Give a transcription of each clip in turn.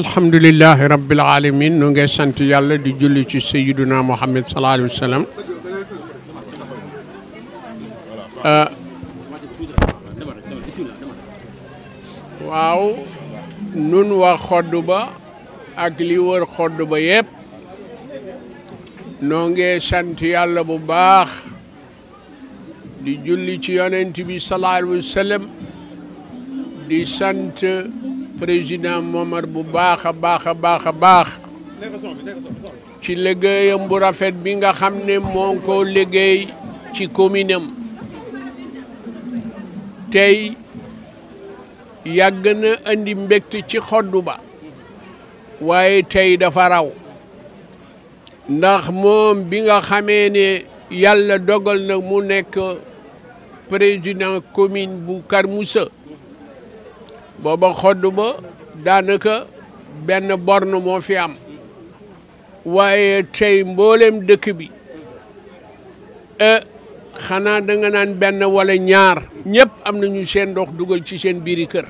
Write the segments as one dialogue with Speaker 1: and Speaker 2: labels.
Speaker 1: alhamdulilahi rabbil alamin nu ngay sant yàlla di julli ci sayyiduna muhammad sallallahu alayhi wa sallam waaw nun waa xodd ba ak li wër xodd ba yépp noo ngi sant yàlla bu baax di julli ci yonent bi sallallahu alayhi wa sallam di sant président Momar bu baax a baax a baax a baax ci liggéeyam bu rafet bi nga xam ne moo ngi ko liggéey ci commune tey yàgg na indi mbégte ci xoddu ba waaye tey dafa raw ndax moom bi nga xamee ne yàlla dogal na mu nekk président commune bu Kër Moussa booba xodd ba daanaka benn born moo fi am waaye tey mboolem dëkk bi eh, xanaa danga naan benn wala ñaar ñëpp am nañu seen ndox dugal ci seen biiri kër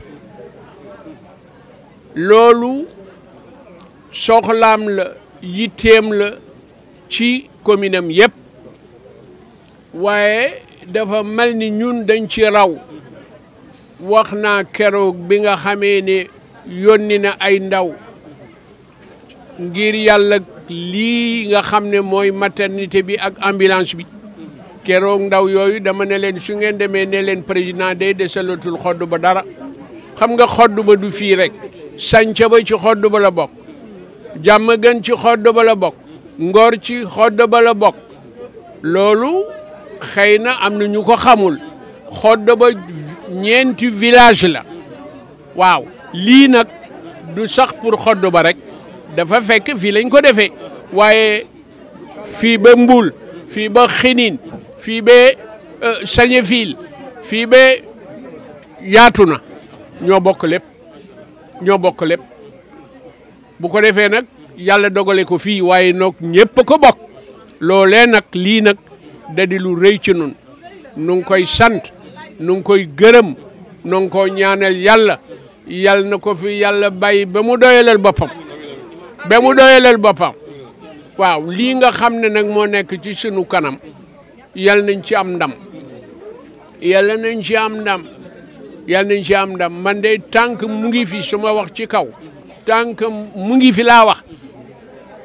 Speaker 1: loolu soxlaam la yitteem la ci commune am yëpp waaye dafa mel ni ñun dañ ci raw waxna kéro binga bi nga xamé ni yónni na ay ndaw ngir yalla li nga xamné moy maternité bi ak ambulance bi kéro ndaw yoyu dama ne len su ngeen démé ne len président dé salatul xodd ba dara xam nga xodd ba du fi rek sanca ba ci xodd ba la bok jamm gën ci xodd ba la bok ngor ci xodd ba la bok lolu xeyna amna ñu ko xamul ba ñeenti village la waaw lii nag du sax pour xodd ba rek dafa fekk fii lañ ko defe waaye fii ba Mbul fii ba xiniin fii ba euh, Sañefil fii ba yaatu na ñoo bokk lépp ñoo bokk lépp bu ko defee nag yàlla dogale ko fii waaye noog ñëpp ko bokk loolee nag lii nag da di lu rëy ci nun nu koy sant nu ngi koy gërëm nu ngi ko ñaanal yàlla yàll na ko fi yàlla bàyyi ba mu doyaleel boppam ba mu doyaleel boppam waaw lii nga xam ne nag moo nekk ci sunu kanam yàlla nañ ci am ndam yàlla nañ ci am ndam nañ ci ndam man de tànk mu ngi fi suma wax ci kaw tànk mu ngi fi laa wax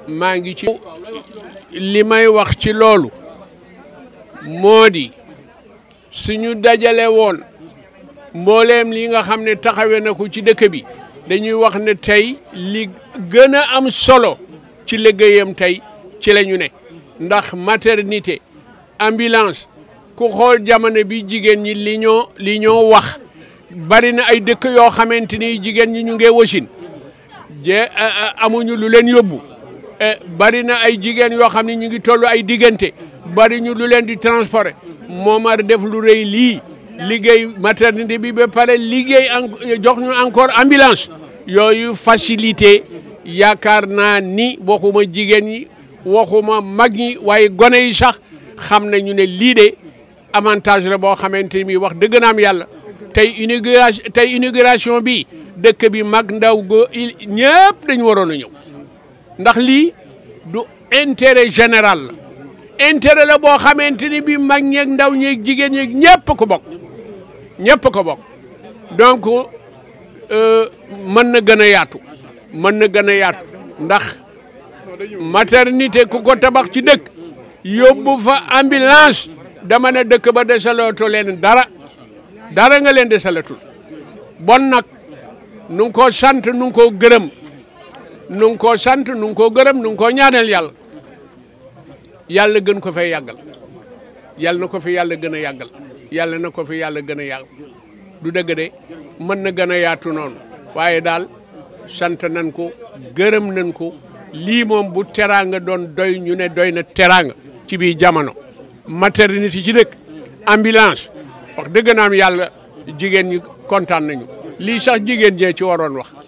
Speaker 1: maa ngi ci li may wax ci loolu moo di suñu dajale woon mbooleem li nga xam ne taxawe na ko ci dëkk bi dañuy wax ne tey li gën a am solo ci liggéeyam tey ci la ñu ne ndax maternité ambulance ku xool jamono bi jigéen ñi li ñoo li ñoo wax bari na ay dëkk yoo xamante ni jigéen ñi ñu ngi wasin je amuñu lu leen yóbbu eh, bari na ay jigéen yoo xam ne ñu ngi tollu ay diggante bari ñu lu leen di transporter Momar def lu reuy li liguey maternité bi be pare liguey jox ñu encore ambulance yoyu facilité yakarna ni waxuma jigen ñi waxuma mag ñi waaye gone yi sax xamna ñu né li dé avantage la bo xamanteni mi wax dëgg naam yalla tay inauguration tay inauguration bi dëkk bi mag ndaw go ñëpp dañu waroon ñew ndax li du intérêt général la intérêt la boo xamante ni bii mag ñeeg ndaw ñeeg jigéen ñeeg ñëpp ko bokk ñëpp ko bokk donc euh, mën na gën a yaatu mën na gën a yaatu ndax maternité ku ko tabax ci dëkk yóbbu fa ambulance dama ne dëkk ba desalootoo leen dara dara nga leen desalatul bon nag nu ngi koo sant nu ngi gërëm nu koo sant nu koo gërëm nu ngi koo ñaanal yàlla yàlla gën ko fay yàggal yàlla na ko fi yàlla gën a yàggal yàlla na ko fi yàlla gën a yàgg du dëgg de mën na gën a yaatu noonu waaye daal sant nañ ko gërëm nañ ko lii moom bu teraanga doon doy ñu ne doy na teraanga ci biir jamono maternité ci dëkk ambulance wax dëgg naam yàlla jigéen ñi kontaan nañu lii sax jigéen ñee ci waroon wax